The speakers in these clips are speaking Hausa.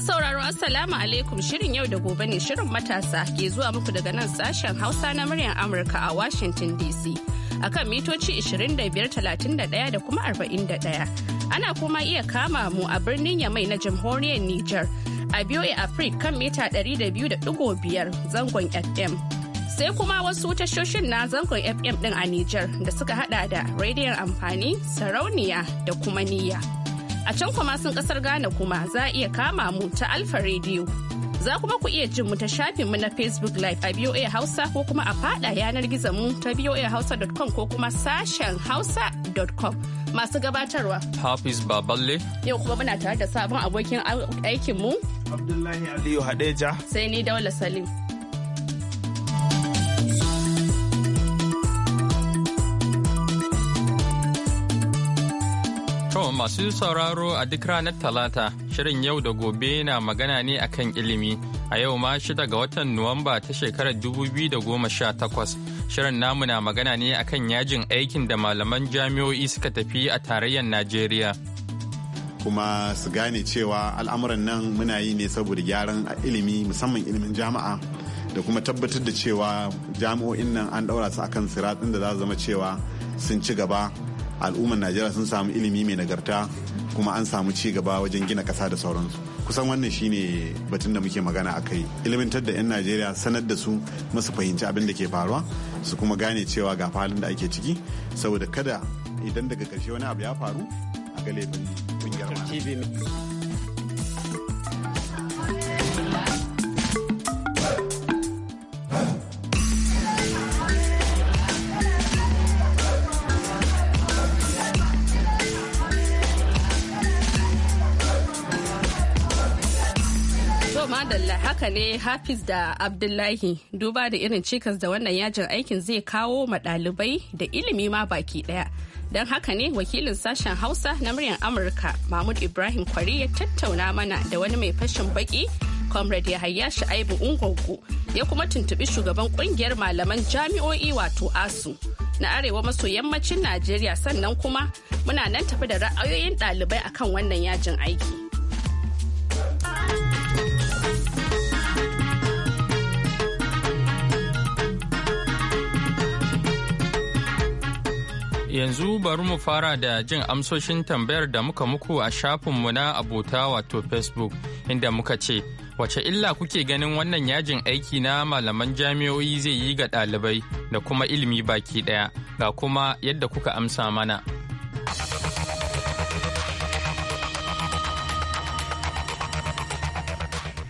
sauraro Assalamu alaikum shirin yau da gobe ne shirin matasa ke zuwa muku daga nan sashen Hausa na muryar Amurka a Washington DC. akan mitoci 2531 da kuma 41. Ana kuma iya kama mu a birnin Yamai na jamhuriyar Nijar a BOA Afrika kan mita 200.5 zangon FM. Sai kuma wasu tashoshin na zangon FM din a Nijar da suka hada da radiyon amfani, sarauniya da kuma niyya. A can kuma sun kasar Ghana kuma za a iya kama mu ta Alfa Radio. Za kuma ku iya jin mu ta shafin mu na Facebook Live a BOA Hausa ko kuma a fada yanar gizo mu ta boahausa.com ko kuma sashen hausa.com. Masu gabatarwa. Hafiz Baballe. Yau kuma muna tare da sabon abokin aikinmu. Abdullahi Aliyu Hadeja. Sai ni Daula Salim. To masu sauraro a duk ranar Talata, shirin yau da gobe na magana ne akan ilimi. A yau ma shida ga watan Nuwamba ta shekarar 2018. Shirin namu na magana ne akan yajin aikin da malaman jami'o'i suka tafi a tarayyar Najeriya. Kuma su gane cewa al'amuran nan muna yi ne saboda gyaran ilimi musamman ilimin jama'a da kuma tabbatar da cewa jami'o'in nan an ɗaura su akan siratin da za zama cewa sun ci gaba al'ummar najeriya sun samu ilimi mai nagarta kuma an samu ci gaba wajen gina ƙasa da sauransu kusan wannan shine batun da muke magana a kai ilimantar da 'yan najeriya sanar da su masu fahimci abin da ke faruwa su kuma gane cewa ga halin da ake ciki saboda kada idan daga karshe wani abu ya faru a ga laifin haka ne hafiz da abdullahi duba da irin cikas da wannan yajin aikin zai kawo ma ɗalibai da ilimi ma baki ɗaya don haka ne wakilin sashen hausa na muryar amurka mahmud ibrahim kwari ya tattauna mana da wani mai fashin baki comrade yahaya sha'ibu ungwangu ya kuma tuntubi shugaban kungiyar malaman jami'o'i wato asu na arewa maso yammacin najeriya sannan kuma muna nan tafi da ra'ayoyin ɗalibai akan wannan yajin aiki Yanzu bari mu fara da jin amsoshin tambayar da muka muku a shafinmu na abota wato Facebook inda muka ce, wace illa kuke ganin wannan yajin aiki na malaman jami'o'i zai yi ga ɗalibai da kuma ilimi baki ɗaya ga kuma yadda kuka amsa mana.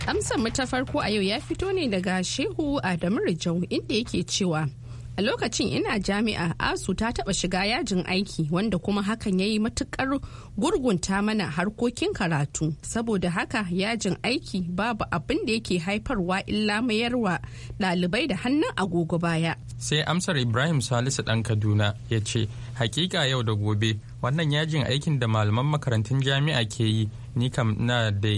Amsar mu ta farko a yau ya fito ne daga Shehu Adamu Rijau inda yake cewa A lokacin ina jami'a asu ta taɓa shiga yajin aiki wanda kuma hakan ya yi matuƙar gurgunta mana harkokin karatu. Saboda haka yajin aiki babu abin da yake haifarwa illa mayarwa ɗalibai da hannun agogo baya. Sai amsar Ibrahim Salisu ɗan Kaduna ya ce, hakika yau da gobe wannan yajin aikin da malaman makarantun jami'a ke yi ni kam na da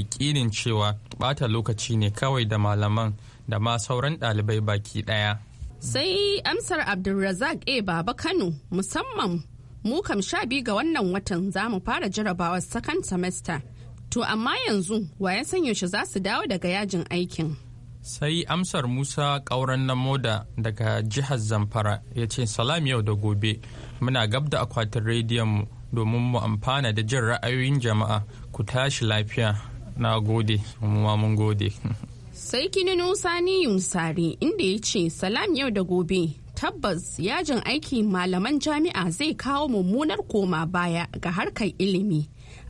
cewa ɓata lokaci ne kawai da malaman da ma sauran ɗalibai baki ɗaya. Sai amsar Abdulrazak A eh, Baba Kano musamman mu kam sha biyu ga wannan watan za mu fara jarabawar second semester. To amma yanzu wa ya san yaushe za su dawo daga yajin aikin. Sai amsar Musa ƙauren na moda daga jihar Zamfara ya ce salam yau da gobe muna gab da akwatin rediyon mu domin mu amfana da jin ra'ayoyin jama'a ku tashi lafiya na gode mu mun gode. sai kininu sani yunsari inda ya ce salam yau da gobe tabbas yajin aiki malaman jami'a zai kawo mummunar koma baya ga harkar ilimi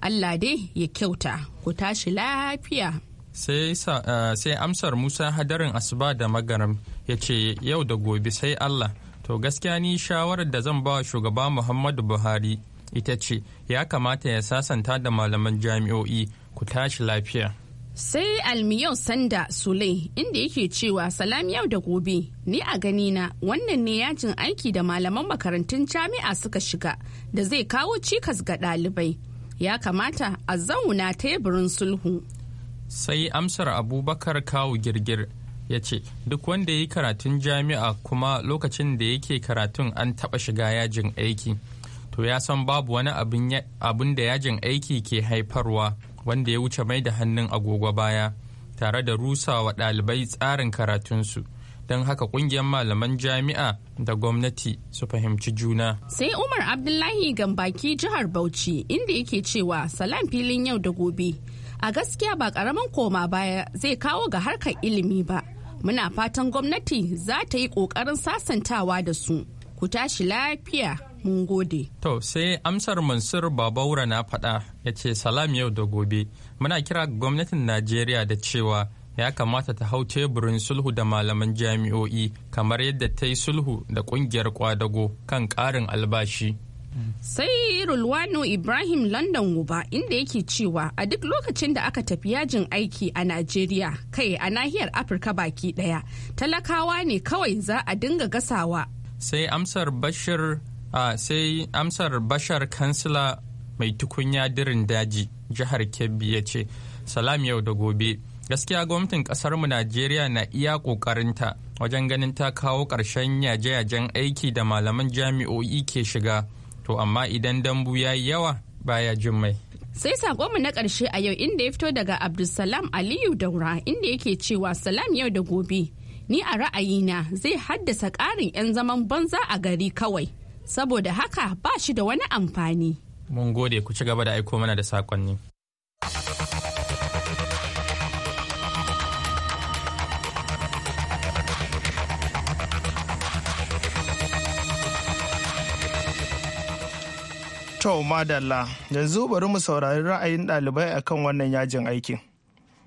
allah dai ya kyauta ku tashi lafiya sai eh, amsar musa hadarin asuba da magaram ya ce yau da gobe sai allah to gaskiya ni shawarar da zan ba shugaba muhammadu buhari ita ce ya kamata ya sasanta da malaman jami'o'i ku tashi lafiya sai almiyon sanda sulai inda yake cewa salam yau da gobe ni a gani na wannan ne yajin aiki da malaman makarantun jami'a suka shiga da zai kawo cikas ga ɗalibai ya kamata a zauna teburin sulhu sai amsar abubakar kawu girgir ya ce duk wanda ya yi karatun jami'a kuma lokacin da yake karatun an taɓa shiga yajin aiki to ya san babu wani abin da yajin aiki ke haifarwa wanda ya wuce mai da hannun agogo baya tare da rusa wa ɗalibai tsarin karatunsu don haka kungiyar malaman jami'a da gwamnati su fahimci juna. Sai Umar Abdullahi Gambaki jihar Bauchi inda yake cewa salam filin yau da gobe. A gaskiya ba karamin koma baya zai kawo ga harkar ilimi ba. Muna fatan gwamnati za ta yi ƙoƙarin sasantawa da su. Ku tashi lafiya. mun gode. To sai amsar Mansur Babaura na faɗa ya ce salam yau da gobe muna kira gwamnatin Najeriya da cewa ya kamata ta hau teburin sulhu da malaman jami'o'i kamar yadda ta yi sulhu da kungiyar kwadago kan ƙarin albashi. Sai Rulwano Ibrahim London Guba inda yake cewa a duk lokacin da aka tafi yajin aiki a Najeriya kai a nahiyar Afirka baki ɗaya talakawa ne kawai za a dinga gasawa. Sai amsar Bashir Uh, sai amsar bashar kansila mai tukunya dirin daji jihar kebbi ya ce salam yau da gobe gaskiya gwamnatin kasarmu najeriya na iya kokarinta wajen ganin ta kawo ƙarshen yaje-yajen aiki da malaman jami'o'i ke shiga to amma idan dambu ya yi yawa baya jin mai sai mu na ƙarshe a yau inda ya fito daga abdulsalam aliyu daura inda yake cewa salam yau da gobe ni a ra'ayina zai haddasa ƙarin 'yan zaman banza a gari kawai saboda haka ba shi da wani amfani. Mun gode ku ci gaba da aiko mana da sakonni. To madalla yanzu bari mu saurari ra'ayin ɗalibai akan wannan yajin aikin.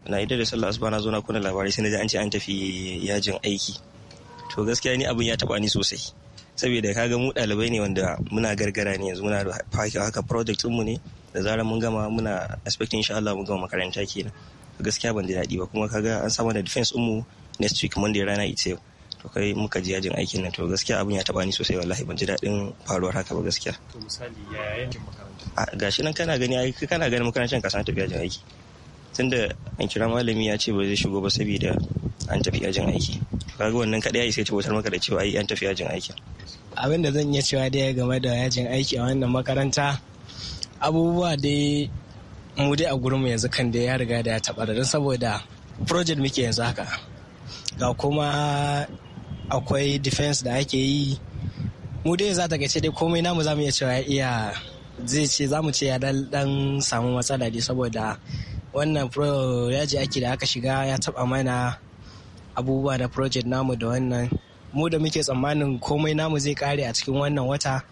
Na idan da sallah asuba na zo na kuna labarai sai na ji an ce an tafi yajin aiki. To gaskiya ni abin ya taba ni sosai. saboda kaga mu ɗalibai ne wanda muna gargara ne yanzu muna haka project mu ne da zarar mun gama muna expect insha Allah mun gama makaranta kenan gaskiya ban ji daɗi ba kuma kaga an samu da defense mu next week monday rana ita yau to kai muka ji yajin aikin nan to gaskiya abin ya taba ni sosai wallahi ban ji daɗin faruwar haka ba gaskiya to misali ya yin makaranta gashi nan kana gani ai kana gani makarantar ka san tafi yajin aiki tunda an kira malami ya ce ba zai shigo ba saboda an tafi yajin aiki kaga wannan kadai ya isa wutar maka da cewa ai an tafi yajin aiki abin da zan iya cewa dai game da yajin aiki a wannan makaranta abubuwa dai mu dai a gurin mu yanzu kan da ya riga da ya taɓa don saboda project muke yanzu haka ga kuma akwai defense da ake yi mu dai za ta gace dai komai namu za mu iya cewa iya zai ce za mu ce ya dan samu matsala dai saboda wannan yaji ake da aka shiga ya taɓa mana abubuwa da project namu da wannan mu da muke tsammanin komai namu zai kare a cikin wannan wata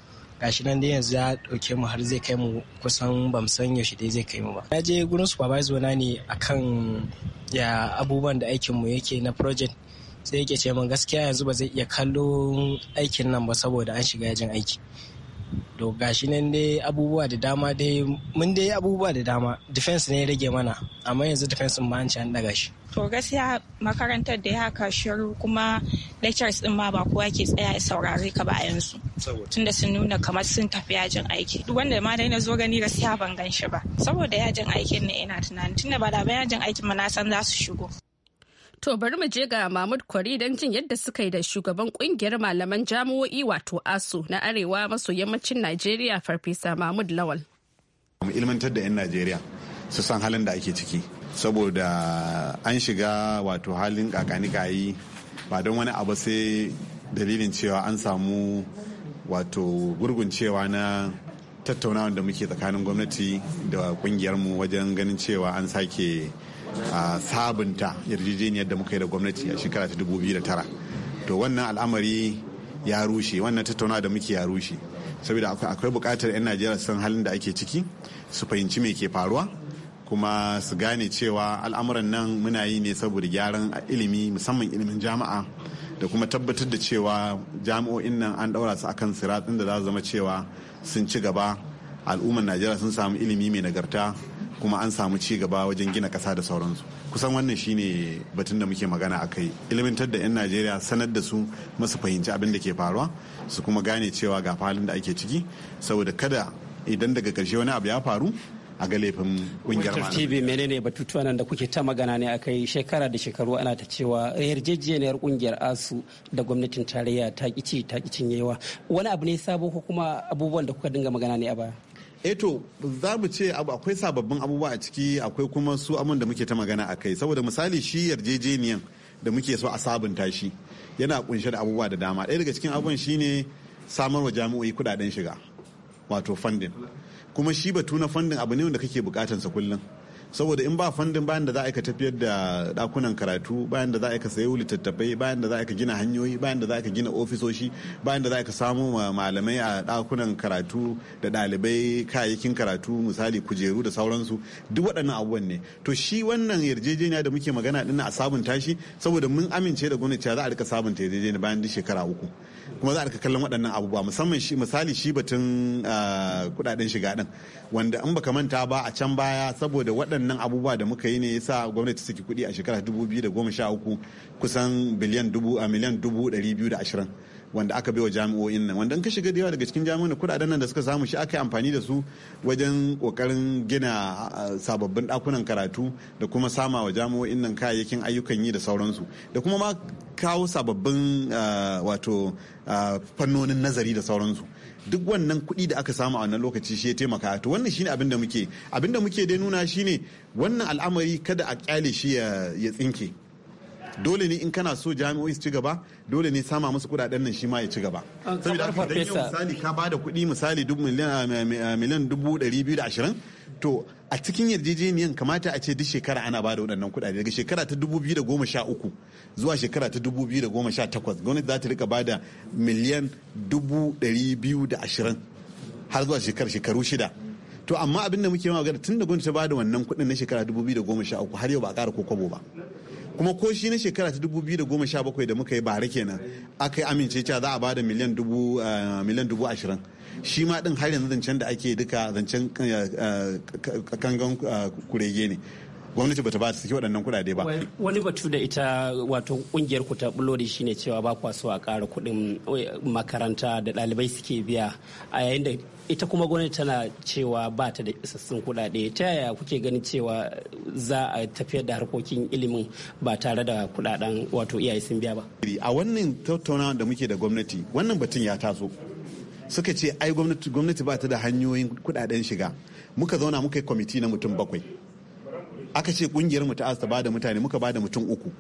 gashi nan dai yanzu ya dauke mu har zai kai mu kusan bam san yaushe dai zai kai mu ba na je gurin supervisor na ne akan ya abubuwan da aikin mu yake na project sai yake ce min gaskiya yanzu ba zai iya kallon aikin nan ba saboda an shiga yajin aiki to gashi nan dai abubuwa da dama dai mun dai abubuwa da dama defense ne rage mana amma yanzu defense ba an ci an daga shi to gaskiya makarantar da ya shiru kuma lectures din ma ba kowa ke tsaya ya saurare ka ba yanzu tunda sun nuna kamar sun tafi yajin aiki duk wanda ma dai na zo gani gaskiya ban gan shi ba saboda yajin aikin ne ina tunani, tunda ba da yajin aikin ma na san za su shigo To bari mu je ga Mahmud Kwari don jin yadda suka yi da shugaban kungiyar malaman jami'o'i wato ASU na Arewa maso yammacin Najeriya Farfesa Mahmud Lawal. Mu ilmantar da 'yan Najeriya su san halin da ake ciki saboda an shiga wato halin kakanikayi ba don wani abu sai dalilin cewa an samu wato gurguncewa na tattaunawa da muke tsakanin gwamnati da kungiyarmu wajen ganin cewa an sake sabunta yarjejeniyar da muka yi da gwamnati a shekara ta da tara to wannan al'amari ya rushe wannan tattaunawa da muke ya rushe saboda akwai bukatar 'yan najeriya san halin da ake ciki su fahimci me ke faruwa kuma su gane cewa al'amuran nan muna yi ne saboda gyaran ilimi musamman ilimin jama'a da kuma tabbatar da cewa jami'o'in nan an ɗaura su akan siratsin da za zama cewa sun ci gaba al'ummar najeriya sun samu ilimi mai nagarta kuma an samu ci gaba wajen gina ƙasa da sauransu kusan wannan shine batun da muke magana a kai ilimantar da 'yan najeriya sanar da su masu fahimci abin da ke faruwa su kuma gane cewa ga halin da ake ciki saboda kada idan daga ƙarshe wani abu ya faru a ga laifin kungiyar mana. TV menene batutuwa nan da kuke ta magana ne akai shekara da shekaru ana ta cewa yarjejeniyar kungiyar ASU da gwamnatin tarayya ta kici ta cinyewa wani abu ne sabo ko kuma abubuwan da kuka dinga magana ne a baya. eto eh za mu ce akwai sababbin abubuwa a ciki akwai kuma su abun da muke ta magana akai saboda misali shi yarjejeniyan da muke so a sabunta shi yana kunshe da abubuwa da dama ɗaya daga cikin abubuwan shine samar wa jami'o'i kudaden shiga wato funding kuma shi batu na fandin abu ne wanda kake sa kullum saboda in ba fandin bayan da za a ka tafiyar da dakunan karatu bayan da za a ka sayo littattafai bayan da za a ka gina hanyoyi bayan da za a ka gina ofisoshi bayan da za a ka samo malamai a dakunan karatu da dalibai kayayyakin karatu misali kujeru da sauransu duk waɗannan abubuwan ne to shi wannan yarjejeniya da muke magana din a sabunta shi saboda mun amince da gwamnati za a rika sabunta yarjejeniya bayan duk shekara uku kuma za a rika kallon waɗannan abubuwa musamman shi misali shi batun ah, kudaden shiga din wanda in baka manta ba a can baya saboda waɗannan abubuwa da muka yi ne ya sa gwamnati saki kuɗi a shekarar 2013 kusan biliyan dubu a miliyan dubu 220 wanda aka wa jami'o'in nan wanda in ka shiga da yawa daga cikin jami'o'in da kudaden nan da suka samu shi aka yi amfani da su wajen kokarin gina sababbin dakunan karatu da kuma sama wa jami'o'in nan kayayyakin ayyukan yi da sauransu da kuma ma kawo sababbin wato fannonin nazari da sauransu duk wannan kuɗi da aka samu a wannan lokaci shi ya taimaka to wannan shine abin da muke abin da muke dai nuna shine wannan al'amari kada a kyale shi ya tsinke dole ne in kana so jami'o'i su ci gaba dole ne sama musu kudaden nan shi ma ya ci gaba saboda haka dan yau misali ka bada kuɗi misali dubu ah, ah, miliyan dubu ɗari biyu da ashirin to a cikin yarjejeniyan kamata a ce duk shekara ana bada waɗannan kuɗaɗe daga shekara ta dubu biyu da goma sha uku zuwa shekara ta dubu biyu da goma sha takwas gwamnati za ta rika bada miliyan dubu ɗari biyu da ashirin har zuwa shekar shekaru shida to amma abin da muke magana tun da gwamnati ta bada wannan kuɗin na shekara dubu biyu da goma sha uku har yau ba a ƙara ko kwabo ba kuma ko shi na shekara ta 2017 da muka yi bare kenan aka yi amince cewa za a bada miliyan dubu eh, miliyan dubu ashirin shi ma din har yanzu zancen da ake duka zancen eh, eh, kangan kurege ne gwamnati bata ba su saki waɗannan kuɗaɗe ba. Wani batu da ita wato ƙungiyar ku ta bullo da shine cewa ba kwa so a ƙara kuɗin makaranta da ɗalibai suke biya a yayin da ita kuma gwamnati tana cewa ba ta da isassun kuɗaɗe ta yaya kuke ganin cewa za a tafiyar da harkokin ilimin ba tare da kuɗaɗen wato iyaye sun biya ba a wannan tattauna da muke da gwamnati wannan batun ya taso suka ce ai gwamnati ba ta da hanyoyin kuɗaɗen shiga muka zauna muka yi kwamiti na mutum bakwai aka ce kungiyar mu ta asta ba da mutane muka ba da mutum uku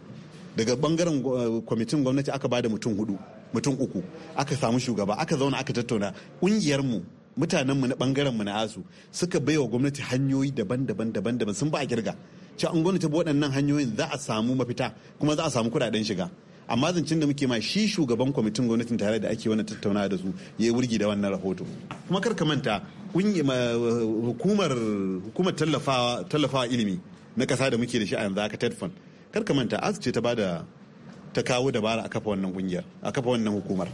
daga bangaren eh, kwamitin gwamnati aka ba da mutum hudu mutum uku aka samu shugaba aka zauna aka tattauna kungiyar mu mutanenmu na bangarenmu na asu suka wa gwamnati hanyoyi daban-daban daban-daban sun ba a kirga cewa an gwamnati bi waɗannan hanyoyin za a samu mafita kuma za a samu kuɗaɗen shiga amma zancen da muke ma shi shugaban kwamitin gwamnatin tare da ake wannan tattaunawa da su ya yi wurgi da wannan rahoto kuma kar ka manta hukumar hukumar tallafawa ilimi na ƙasa da muke da shi a yanzu aka tedfund kar ka manta Asu ce ta bada ta kawo dabara a kafa wannan kungiyar a kafa wannan hukumar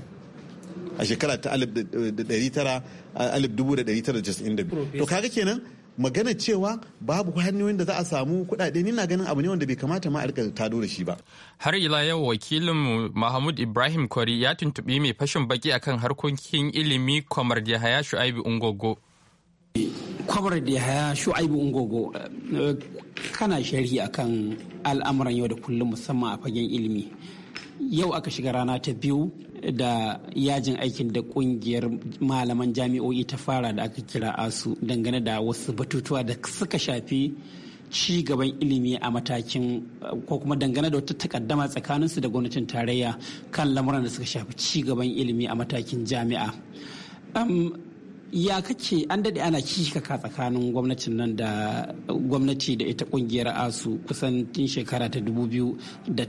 a shekara ta 1992 to kaga kenan magana cewa babu hanyoyin da za a samu kuɗaɗe ni na ganin abu ne wanda bai kamata ma a rika da shi ba. Har ila yau wakilin Mahmud Ibrahim Kwari ya tuntuɓi mai fashin baki akan harkokin ilimi kwamar Haya Shu'aibu Ungogo. Kwamar Haya Shu'aibu Ungogo eh, kana sharhi akan al'amuran yau da kullum musamman a fagen ilimi. Yau aka shiga rana ta biyu da yajin aikin da kungiyar malaman jami'o'i ta fara da aka kira asu dangane da wasu batutuwa da suka shafi ci gaban ilimi a matakin ko kuma dangane da wata takaddama tsakaninsu da gwamnatin tarayya kan lamuran da suka shafi ci gaban ilimi a matakin jami'a. ya kake an dade ana kishikaka tsakanin gwamnatin nan da gwamnati da ita kungiyar asu kusan tun shekara ta dubu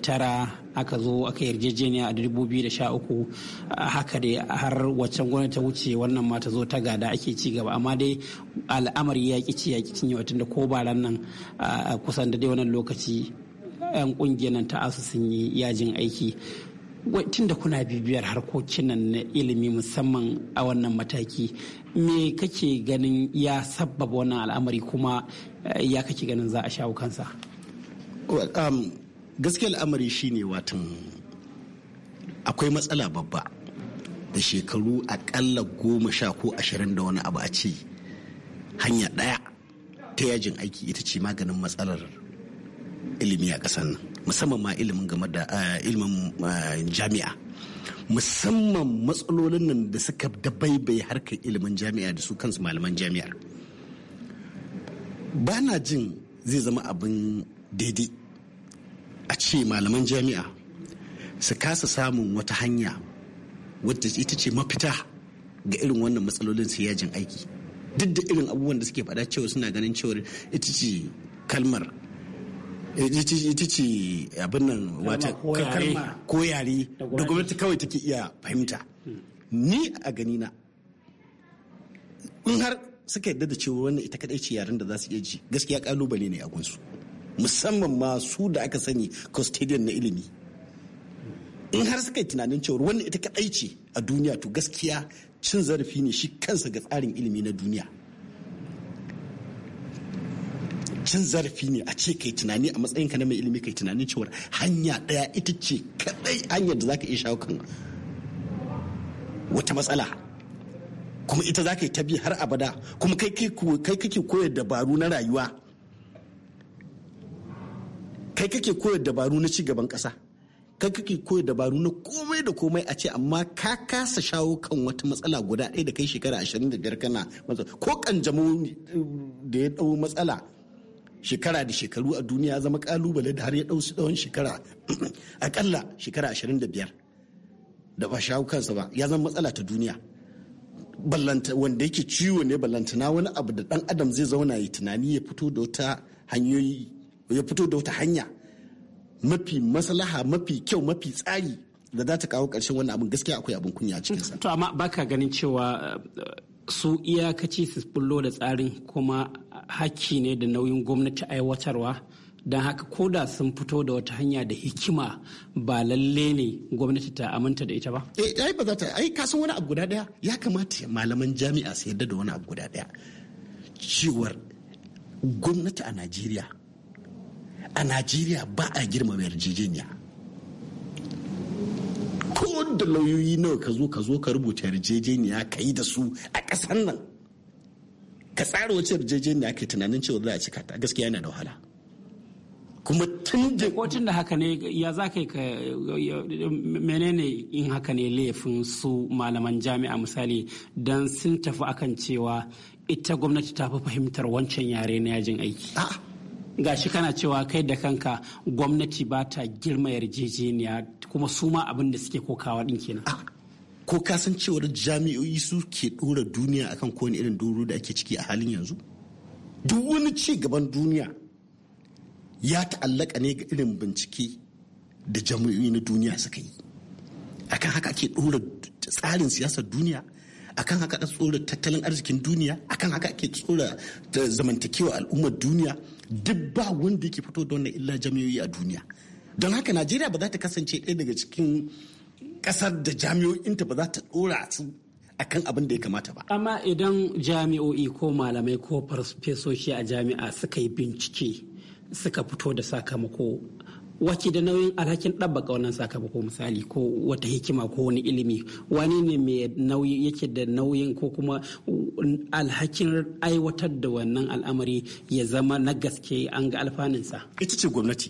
tara aka zo aka yarjejeniya a dubu haka dai har waccan gwamnati ta wuce wannan ma ta zo ta gada ake ci gaba amma dai al'amari ya ki ci ya ki cinye watan da ko baran nan kusan da dai wannan lokaci yan kungiyar nan ta asu sun yi yajin aiki tun da kuna bibiyar harkokin nan na ilimi musamman a wannan mataki me kake ganin ya sabbaba wannan al'amari kuma eh, ya kake ganin za a shawo kansa um, gaskiya al'amari shine watan akwai matsala babba da shekaru akalla goma sha ko ashirin da wani abu a ce hanya ɗaya ta yajin aiki ita ce maganin matsalar ilimi a ƙasar nan musamman ma ilimin da eh, ilimin eh, jami'a musamman matsalolin nan da suka dabaibai harkar ilimin jami'a da su kansu malaman jami'ar ba na jin zai zama abin daidai a ce malaman jami'a su kasa samun wata hanya wadda ita ce mafita ga irin wannan matsalolin su yajin aiki duk da irin abubuwan da suke faɗa cewa suna ganin cewar ita ce kalmar Eh, ita ce abin nan wata ko yare da gwamnati kawai take iya fahimta hmm. ni a gani na in har suka yarda da cewa wannan ita kadai ce yaren da za su iya ji gaskiya kalubale ne a gunsu musamman ma su da aka sani custodian na ilimi in har suka yi tunanin cewa wannan ita kadai ce a duniya to gaskiya cin zarafi ne shi kansa ga tsarin ilimi na duniya cin zarafi ne a ce kai tunani a matsayin ka na mai ilimi kai tunanin cewar hanya ɗaya ita ce kaɗai hanyar da zaka iya shawo kan wata matsala kuma ita zaka yi ta bi har abada kuma kai kake koyar dabaru na rayuwa kai kake koyar dabaru na ci gaban ƙasa kai kake koyar dabaru na komai da komai a ce amma ka kasa shawo kan wata matsala guda ɗaya da kai shekara 25 kana ko kanjamau eh, da ya ɗau matsala shekara da shekaru a duniya zama kalubale da har ya ɗausu tsawon shekara akalla shekara ashirin da biyar da ba shawo kansa ba ya zama matsala ta duniya ballanta wanda yake ciwo ne ballantana wani abu da dan adam zai zauna ya tunani ya fito da wata hanyoyi ya fito da wata hanya mafi maslaha mafi kyau mafi tsari da za ta kawo ƙarshen wannan abin gaskiya akwai abin kunya cikin sa. To amma baka ganin cewa su iyakaci su bullo da tsarin kuma hakki ne da nauyin gwamnati aiwatarwa don haka ko da sun fito da wata hanya da hikima ba lalle ne gwamnati ta aminta da ita ba? Eh, ai ba za ta ai kasan wani abu guda daya ya kamata malaman jami'a su yarda da wani abu guda daya cewar gwamnati a Najeriya a Najeriya ba a girmama yarjejeniya da lauyoyi nawa ka zo ka zo ka rubuta yarjejeniya ka yi da su a ƙasar nan ka tsara wace yarjejeniya ka tunanin cewa za a cika ta gaskiya yana da wahala kuma tun da kotun da haka ne ya za ka menene in haka ne laifin su malaman jami'a misali don sun tafi akan cewa ita gwamnati ta fi fahimtar wancan yare na yajin aiki gashi kana cewa kai da kanka gwamnati ba ta girma yarjejeniya kuma su ma abin da suke kokawa din kenan ah, ko ka san cewar jami'o'i su ke dora duniya akan kowane irin doro da ake ciki a halin yanzu duk wani ci gaban duniya ya ta'allaka ne ga irin bincike da jami'o'i na duniya suka yi akan haka ake dora tsarin siyasar duniya akan haka ake tsora tattalin arzikin duniya akan haka ake tsora zamantakewa al'ummar duniya duk ba wanda yake fito da wannan illa jami'o'i a duniya don haka najeriya ba za ta kasance ɗaya daga cikin ƙasar da jami'o'inta ba za ta ɗora su akan abin da ya kamata ba. Amma idan jami'o'i ko malamai ko farfesoshi a jami'a suka yi bincike suka fito da sakamako wake da nauyin alhakin ɗabbaka wannan sakamako misali ko wata hikima ko wani ilimi wani ne mai nauyi yake da nauyin ko kuma alhakin aiwatar da wannan al'amari ya zama na gaske an ga alfaninsa. Ita ce gwamnati.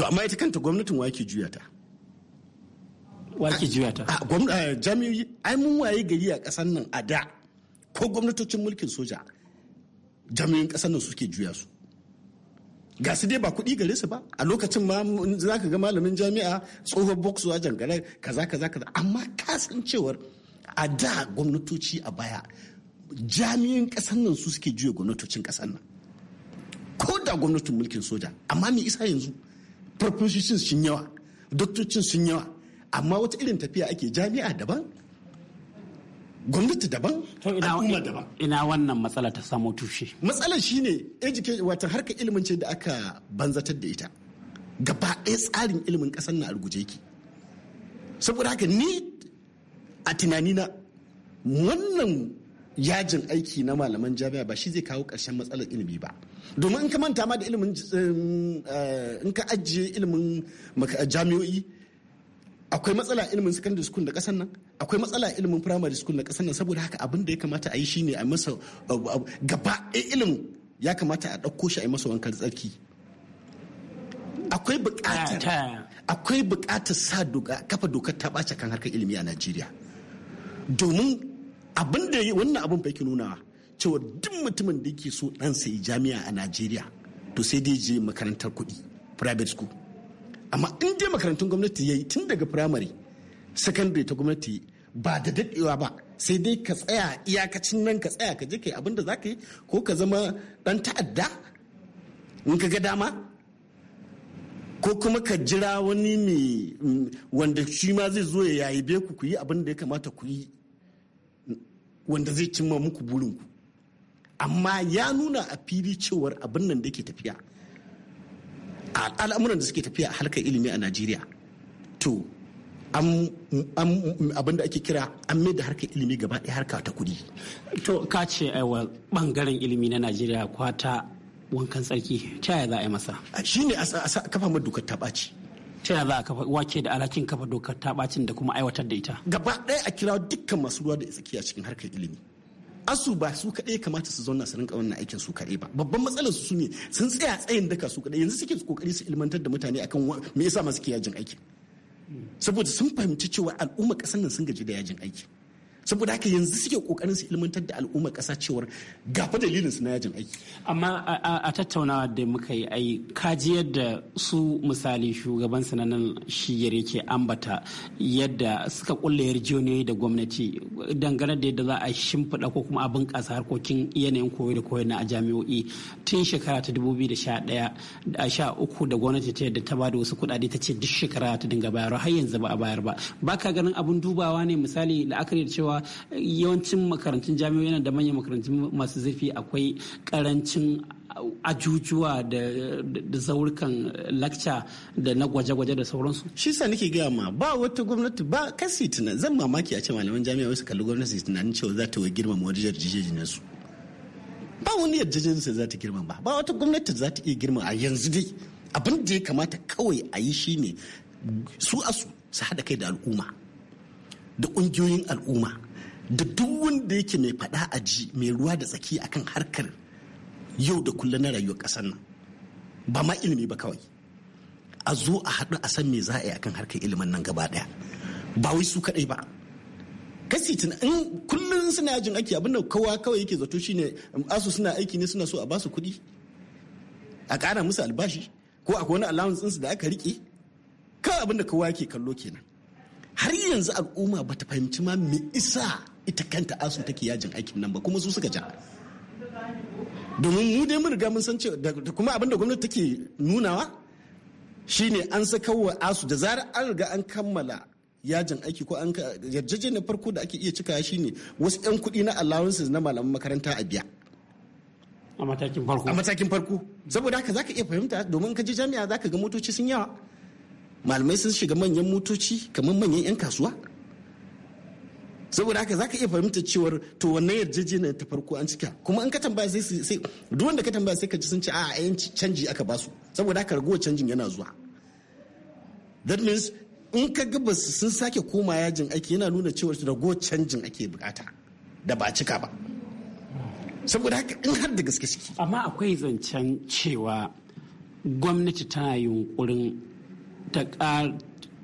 to amma ita kanta gwamnatin wake juya ta wake juya ta ah, ah, jami'i ai mun waye gari a ƙasar nan a da ko gwamnatocin mulkin soja jami'in ƙasar nan suke juya su ga su dai ba kuɗi gare su ba a lokacin ma za ka ga malamin jami'a tsohon boksu a jangare kaza kaza kaza amma kasancewar a da gwamnatoci a baya jami'in ƙasar nan su suke juya gwamnatocin ƙasar nan ko da gwamnatin mulkin soja amma me isa yanzu farfesoshin sun yawa doktocin sun yawa amma wata irin tafiya ake jami'a daban gwamnati daban al'umma daban ina wannan matsala ta samo tushe matsalar shine education wata harkar ilimin ce da aka banzatar da ita gaba ɗaya tsarin ilimin ƙasar na arguje ki saboda haka ni a tunanina wannan yajin aiki na malaman jami'a ba shi zai kawo ƙarshen matsalar ilimi ba domin in ka manta ma da ilimin eh, in ka ajiye ilimin jami'o'i akwai matsala ilimin secondary school da kasan nan akwai matsala ilimin primary school da kasan nan saboda haka abin da ya kamata a yi shine a masa gaba ilimin ya kamata a ɗauko shi a yi masa wankan tsarki akwai bukatar akwai sa doka kafa dokar ta ɓace kan harkar ilimi a Najeriya domin abin da wannan abin fa yake nunawa cewa duk mutumin da yake so dan sai jami'a a najeriya to sai dai je makarantar kuɗi private school amma in dai makarantun gwamnati ya yi tun daga primary secondary ta gwamnati ba da dadewa ba sai dai ka tsaya iyakacin nan ka tsaya ka je kai abin da zaka yi ko ka zama ɗan ta'adda in ka ga dama ko kuma ka jira wani mai wanda shi ma zai zo ya yayi ku ku yi abin da ya kamata ku yi wanda zai cimma muku burinku amma ya nuna a fili cewar abin nan da ke tafiya a al'amuran da suke tafiya a harkar ilimi a najeriya to abin da ake kira an mai da harkar ilimi gaba ɗaya harka ta kuɗi. to ka ce aiwa eh, bangaren ilimi na najeriya kwata wankan tsarki ta yaya za a yi masa shi ne a kafa mai dokar ta ɓaci ta yaya za a kafa wake da alakin kafa dokar ta ɓacin da kuma aiwatar da ita gaba ɗaya a kira dukkan masu ruwa da tsakiya cikin harkar ilimi asu ba su kaɗai kamata su zauna su rinka wannan aikin su kaɗai ba babban matsalar su ne sun tsaya tsayin daka su kaɗai yanzu suke kokari su ilmantar da mutane akan me yasa masu ke yajin aiki saboda sun fahimci cewa al'umma ƙasar nan sun gaji da yajin aiki saboda haka yanzu suke kokarin su ilmantar da al'ummar kasa cewar gafa dalilin su na yajin aiki amma a tattaunawa da muka yi ai kaji yadda su misali shugaban sananan shiyar yake ambata yadda suka kulle yarjejeniyoyi da gwamnati dangane da yadda za a shimfiɗa ko kuma a bunƙasa harkokin yanayin koyo da koyo na a jami'o'i tun shekara ta 2011 da gwamnati ta yadda ta ba da wasu kuɗaɗe ta ce duk shekara ta dinga bayarwa har yanzu ba a bayar ba baka ganin abun dubawa ne misali la'akari da cewa yawancin makarantun jami'o'i yana da manyan makarantun masu zurfi akwai karancin ajujuwa da zaurukan lakca da na gwaje-gwaje da sauransu. Shi sa nake gaya ma ba wata gwamnati ba kasi tunan zan mamaki a ce malaman jami'a su kalli gwamnati tunanin cewa za ta wai girmama wani yarjejeniyar su. Ba wani yarjejeniyar za ta girma ba wata gwamnati za ta iya girma a yanzu dai abin da ya kamata kawai a yi shine su asu su haɗa kai da al'umma da ƙungiyoyin al'umma da duk wanda yake mai faɗa a ji mai ruwa da tsaki akan harkar yau da kullum na rayuwar ƙasar nan ba ma ilimi ba kawai a zo a haɗu a san me za a yi akan harkar ilimin nan gaba ɗaya ba wai su kaɗai ba kasi tun in kullum suna jin aiki da kowa kawai yake zato shine asu suna aiki ne suna so a basu kuɗi a ƙara musu albashi ko akwai wani allowance ɗinsu da aka riƙe kawai da kowa yake kallo kenan har yanzu al'umma bata fahimci ma me isa ita kanta asu take yajin aikin nan ba kuma su suka ja domin mu dai mun riga mun san cewa da kuma abinda gwamnati take nunawa shine an saka wa asu da zarar an riga an kammala yajin aiki ko an yarjejeniyar farko da ake iya cika shine wasu 'yan kuɗi na allowances na malaman makaranta a biya a matakin farko a matakin farko saboda haka zaka iya fahimta domin ka je jami'a zaka ga motoci sun yawa malamai sun shiga manyan motoci kamar manyan 'yan kasuwa saboda haka zaka iya fahimta cewar to wannan yarjejeniyar ta farko an cika kuma in ka tambaya sai sai duk wanda ka tambaya sai ka ji sun ce a a canji aka ba su saboda haka ragowar canjin yana zuwa that means in ka ga sun sake koma yajin aiki yana nuna cewar ragowar canjin ake bukata da ba cika ba saboda haka in har da gaske ciki amma akwai zancen cewa gwamnati tana yunkurin ta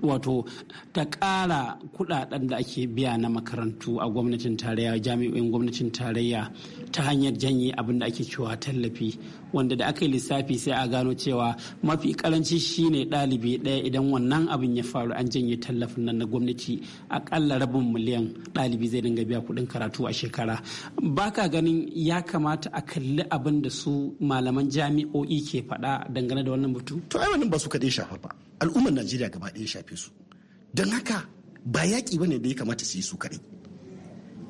wato ta ƙara kuɗaɗen da ake biya na makarantu a gwamnatin tarayya jami'o'in gwamnatin tarayya ta hanyar janye abin da ake cewa tallafi wanda da aka yi lissafi sai a gano cewa mafi karanci shine ɗalibi ɗaya idan wannan abin ya faru an janye tallafin nan na gwamnati akalla rabin miliyan ɗalibi zai dinga biya kuɗin karatu a shekara baka ganin ya kamata a kalli abin da su malaman jami'o'i ke faɗa dangane da wannan batu to ai ba su kaɗai shafar ba al'ummar najeriya gaba ɗaya shafe su don haka ba yaƙi ba ne da ya kamata su yi su kaɗai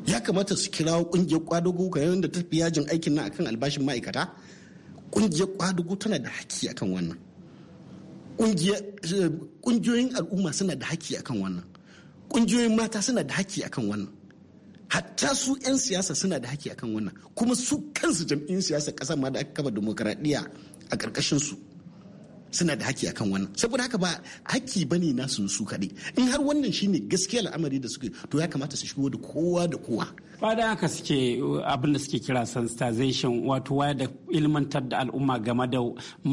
ya kamata su kirawo ƙungiyar kwadago kayan da tafi yajin aikin nan akan albashin ma'aikata ƙungiyar kwadago tana da haƙƙi akan wannan eh, ƙungiyoyin al'umma suna da haƙƙi akan wannan ƙungiyoyin mata suna da haƙƙi akan wannan hatta su 'yan siyasa suna da haƙƙi akan wannan kuma su kansu jam'in siyasa ƙasa ma da aka kafa dimokuraɗiyya a ƙarƙashin su suna da haki akan wannan saboda haka ba haki bane na su su kaɗai in har wannan shine gaskiya al'amari da suke to ya kamata su shigo da kowa da kowa fada haka suke abin da suke kira sensitization wato waya da ilmantar da al'umma game da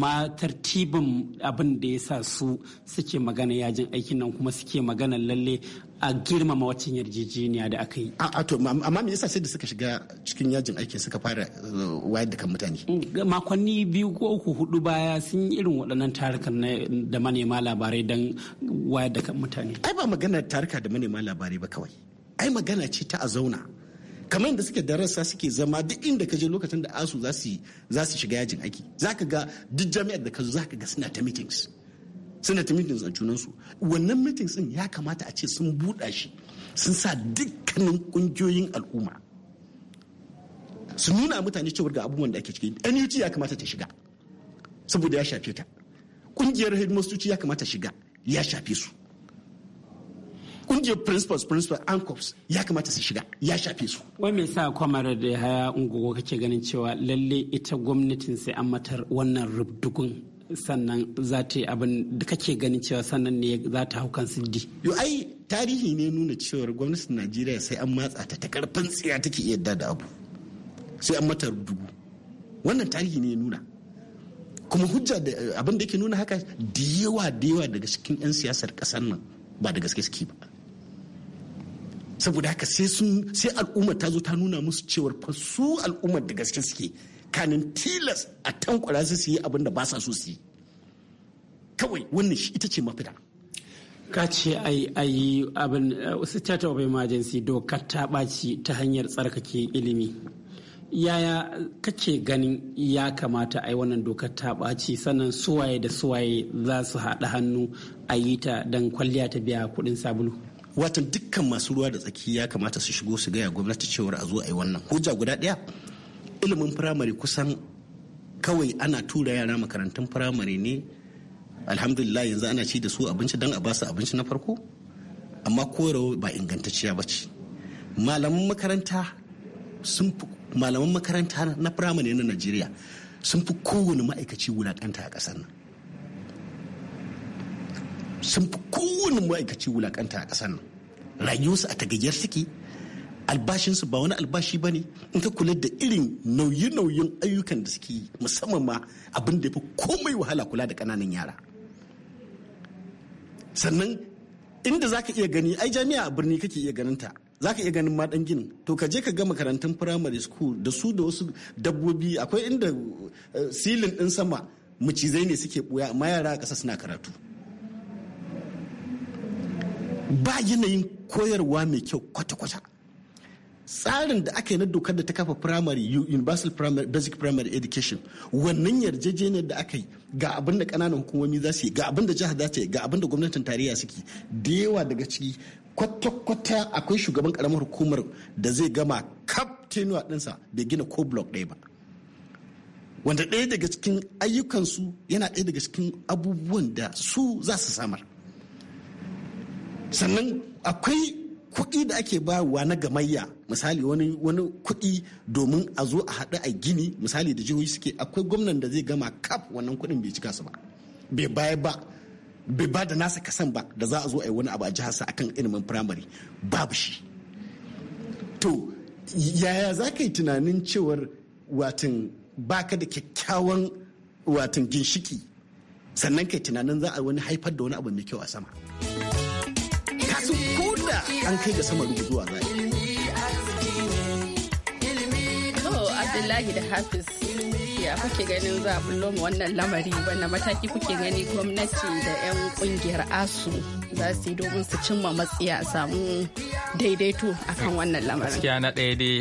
ma tartibin abin da ya sa su suke magana yajin aikin nan kuma suke magana lalle a girmama wacin yarjejeniya da aka yi. A to amma me yasa sai da suka shiga cikin yajin aikin suka fara uh, wayar da kan mutane? Mm, makonni biyu ko uku hudu baya sun yi irin waɗannan tarukan da manema labarai don wayar da kan mutane. Ai ba magana tarika da manema labarai ba kawai. Ai magana ce ta a zauna. kamar yadda suke darasa suke zama duk inda ka je lokacin da asu za su shiga yajin aiki za ka ga duk jami'ar da ka zo za ka ga suna ta meetings suna ta meetings a junansu wannan meetings din ya kamata a ce sun buɗa shi sun sa dukkanin ƙungiyoyin al'umma su nuna mutane cewar ga abubuwan da ake ciki NUG ya kamata ta shiga saboda ya shafe ta ƙungiyar headmastoci ya kamata shiga ya shafe su kungiyar principals principal ancops ya kamata su shiga ya shafe su wai me sa kwamar da haya ungogo kake ganin cewa lalle ita gwamnatin sai an matar wannan rubdugun sannan za ta yi abin da kake ganin cewa sannan ne za ta hau kan siddi. Yo ai tarihi ne nuna cewar gwamnatin Najeriya sai an matsa ta ta karfin tsiya take iya yadda da abu. Sai an mata dubu Wannan tarihi ne nuna. Kuma hujja da abin da yake nuna haka da yawa da yawa daga cikin 'yan siyasar ƙasar nan ba da gaske suke ba. Saboda haka sai sun al'ummar ta zo ta nuna musu cewar fa su al'ummar da gaske suke. kanin tilas a tankwara su su yi abin da ba sa so su yi kawai wannan shi ita ce mafita ka ce ai ai abin uh, su tata of emergency dokar ta ɓaci ta hanyar tsarkake ilimi yaya kake ganin ya kamata a yi wannan dokar ta ɓaci sannan suwaye da suwaye za su haɗa hannu a yi ta don kwalliya ta biya kuɗin sabulu watan dukkan masu ruwa da tsaki ya kamata su shigo su gaya gwamnati cewar a zo a yi wannan hujja guda ɗaya ilimin firamare kusan kawai ana tura yara makarantun firamare ne alhamdulillah yanzu ana ci da su abinci don a ba su abinci na farko amma koro ba ingantacciya ba ce malaman makaranta na firamare na najeriya sun fi kowane ma'aikaci wulakanta a ƙasar nan sun fi kowane ma'aikaci wulakanta a ƙasar nan rayuwarsu a tagayyar suke albashinsu ba wani albashi ba ne in ka kula da irin nauyi-nauyin ayyukan da suke yi musamman ma abin da ya fi komai wahala kula da ƙananan yara sannan inda za ka iya gani ai jami'a a birni kake iya ganin ta za ka iya ganin ma dan ginin to ka je ka ga makarantun primary school da su da wasu dabbobi akwai inda eh, silin din sama macizai ne suke ɓuya amma yara a ƙasa suna karatu ba yanayin koyarwa mai kyau kwata-kwata tsarin da aka yi na dokar da ta kafa primary universal primary, basic primary education wannan yarjejeniyar da aka yi ga abin da kananan hukumomi za su yi ga abin da jihar za ta yi ga abin da gwamnatin tarayya suke da yawa daga ciki kwata-kwata akwai shugaban karamar hukumar da zai gama kap tenuwa ɗinsa bai gina ko block ɗaya ba wanda ɗaya daga cikin ayyukansu yana ɗaya daga cikin abubuwan da su za su samar sannan akwai kuɗi da ake bayarwa na gamayya misali wani wani kuɗi domin a zo a haɗu a gini misali da jihohi suke akwai gwamnan da zai gama kaf wannan kuɗin bai cika su ba bai baya ba bai ba da nasa kasan ba da za a zo a yi wani abu a sa akan ilimin firamare babu shi to yaya za ka yi tunanin cewar watan baka da kyakkyawan watan ginshiki sannan kai tunanin za a wani haifar da wani abu mai kyau a sama kasu koda an kai ga sama rubutu a zai lillahi da hafiz ya kuke ganin za a bullo ma wannan lamari wannan mataki kuke gani gwamnati da 'yan kungiyar asu za su yi domin su cimma matsiya a samu daidaito akan wannan lamarin gaskiya na ɗaya dai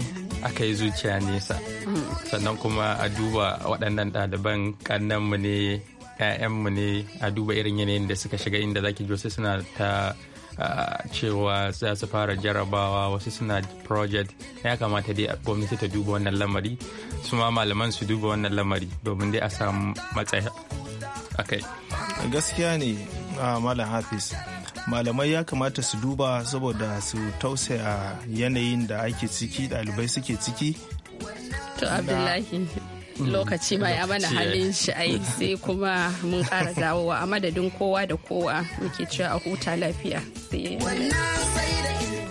aka yi zuciya nesa hmm. sannan kuma a duba waɗannan ɗaliban kannanmu ne 'ya'yanmu ne a duba irin yanayin da suka shiga inda zaki ji suna ta cewa za su fara jarabawa wasu suna project ya kamata dai gwamnati ta duba wannan lamari su ma malaman su duba wannan lamari domin dai a samu matsaya kai. gaskiya ne malam hafiz malamai ya kamata su duba saboda su tausaya yanayin da ake ciki ɗalibai suke ciki to abdullahi Mm. lokaci ma ya mana halin shi ai sai kuma mun kara dawowa a madadin kowa da kowa muke cewa a huta lafiya sai